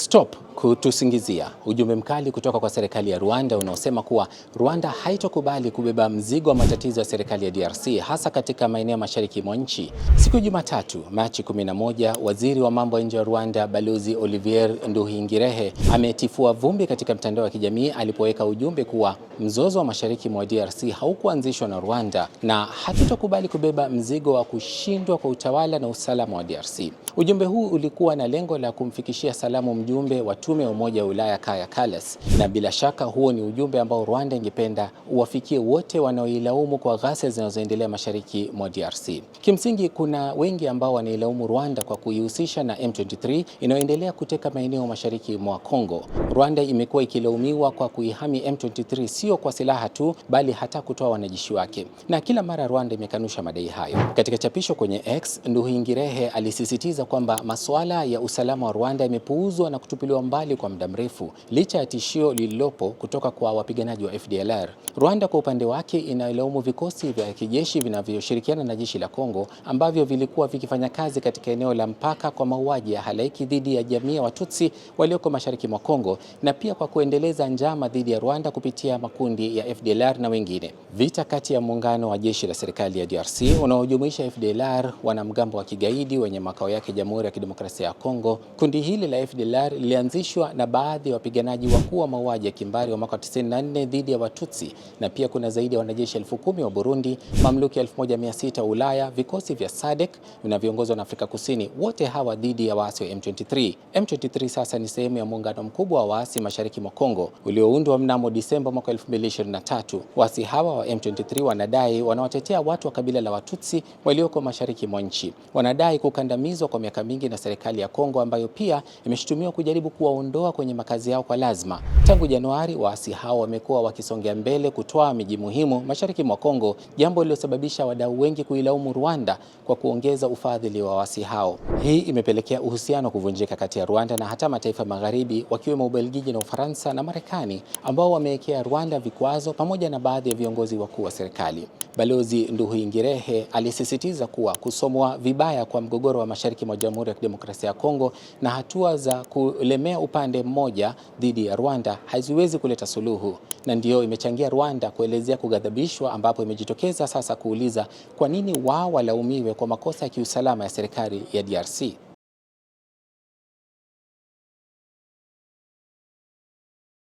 stop kutusingizia ujumbe mkali kutoka kwa serikali ya Rwanda unaosema kuwa Rwanda haitokubali kubeba mzigo wa matatizo ya serikali ya DRC hasa katika maeneo mashariki mwa nchi. Siku ya Jumatatu, Machi 11, waziri wa mambo ya nje wa Rwanda Balozi Olivier Nduhingirehe ametifua vumbi katika mtandao wa kijamii alipoweka ujumbe kuwa mzozo wa mashariki mwa DRC haukuanzishwa na Rwanda na hatutokubali kubeba mzigo wa kushindwa kwa utawala na usalama wa DRC. Ujumbe huu ulikuwa na lengo la kumfikishia salamu mjumbe wa tume ya Umoja wa Ulaya Kaya Kallas, na bila shaka huo ni ujumbe ambao Rwanda ingependa uwafikie wote wanaoilaumu kwa ghasia zinazoendelea mashariki mwa DRC. Kimsingi, kuna wengi ambao wanailaumu Rwanda kwa kuihusisha na M23 inayoendelea kuteka maeneo mashariki mwa Kongo. Rwanda imekuwa ikilaumiwa kwa kuihami M23 sio kwa silaha tu, bali hata kutoa wanajeshi wake, na kila mara Rwanda imekanusha madai hayo. Katika chapisho kwenye X, Nduhungirehe alisisitiza kwamba masuala ya usalama wa Rwanda yamepuuzwa na kutupiliwa mbali mbali kwa muda mrefu, licha ya tishio lililopo kutoka kwa wapiganaji wa FDLR. Rwanda kwa upande wake inalaumu vikosi vya kijeshi vinavyoshirikiana na jeshi la Kongo ambavyo vilikuwa vikifanya kazi katika eneo la mpaka kwa mauaji ya halaiki dhidi ya jamii ya Watutsi walioko mashariki mwa Kongo na pia kwa kuendeleza njama dhidi ya Rwanda kupitia makundi ya FDLR na wengine. Vita kati ya muungano wa jeshi la serikali ya DRC unaojumuisha FDLR, wanamgambo wa kigaidi wenye makao yake Jamhuri ya Kidemokrasia ya Kongo. Kundi hili la FDLR lilianzisha linahusishwa na baadhi ya wapiganaji wakuu wa mauaji ya kimbari wa mwaka 94 dhidi ya Watutsi, na pia kuna zaidi ya wanajeshi elfu kumi wa Burundi, mamluki 1600 wa Ulaya, vikosi vya SADC vinavyoongozwa na Afrika Kusini, wote hawa dhidi ya waasi wa M23. M23 sasa ni sehemu ya muungano mkubwa wa waasi mashariki mwa Kongo ulioundwa mnamo Disemba mwaka 2023. Waasi hawa wa M23 wanadai wanawatetea watu wa kabila la Watutsi walioko mashariki mwa nchi, wanadai kukandamizwa kwa miaka mingi na serikali ya Kongo ambayo pia imeshutumiwa kujaribu kuwa kuwaondoa kwenye makazi yao kwa lazima. Tangu Januari, waasi hao wamekuwa wakisongea mbele kutoa miji muhimu mashariki mwa Kongo, jambo lililosababisha wadau wengi kuilaumu Rwanda kwa kuongeza ufadhili wa waasi hao. Hii imepelekea uhusiano kuvunjika kati ya Rwanda na hata mataifa magharibi, wakiwemo Ubelgiji na Ufaransa na Marekani, ambao wamewekea Rwanda vikwazo pamoja na baadhi ya viongozi wakuu wa serikali. Balozi nduhuingirehe alisisitiza kuwa kusomwa vibaya kwa mgogoro wa mashariki mwa Jamhuri ya Kidemokrasia ya Kongo na hatua za kulemea upande mmoja dhidi ya Rwanda haziwezi kuleta suluhu, na ndiyo imechangia Rwanda kuelezea kughadhabishwa, ambapo imejitokeza sasa kuuliza kwa nini wao walaumiwe kwa makosa ya kiusalama ya serikali ya DRC.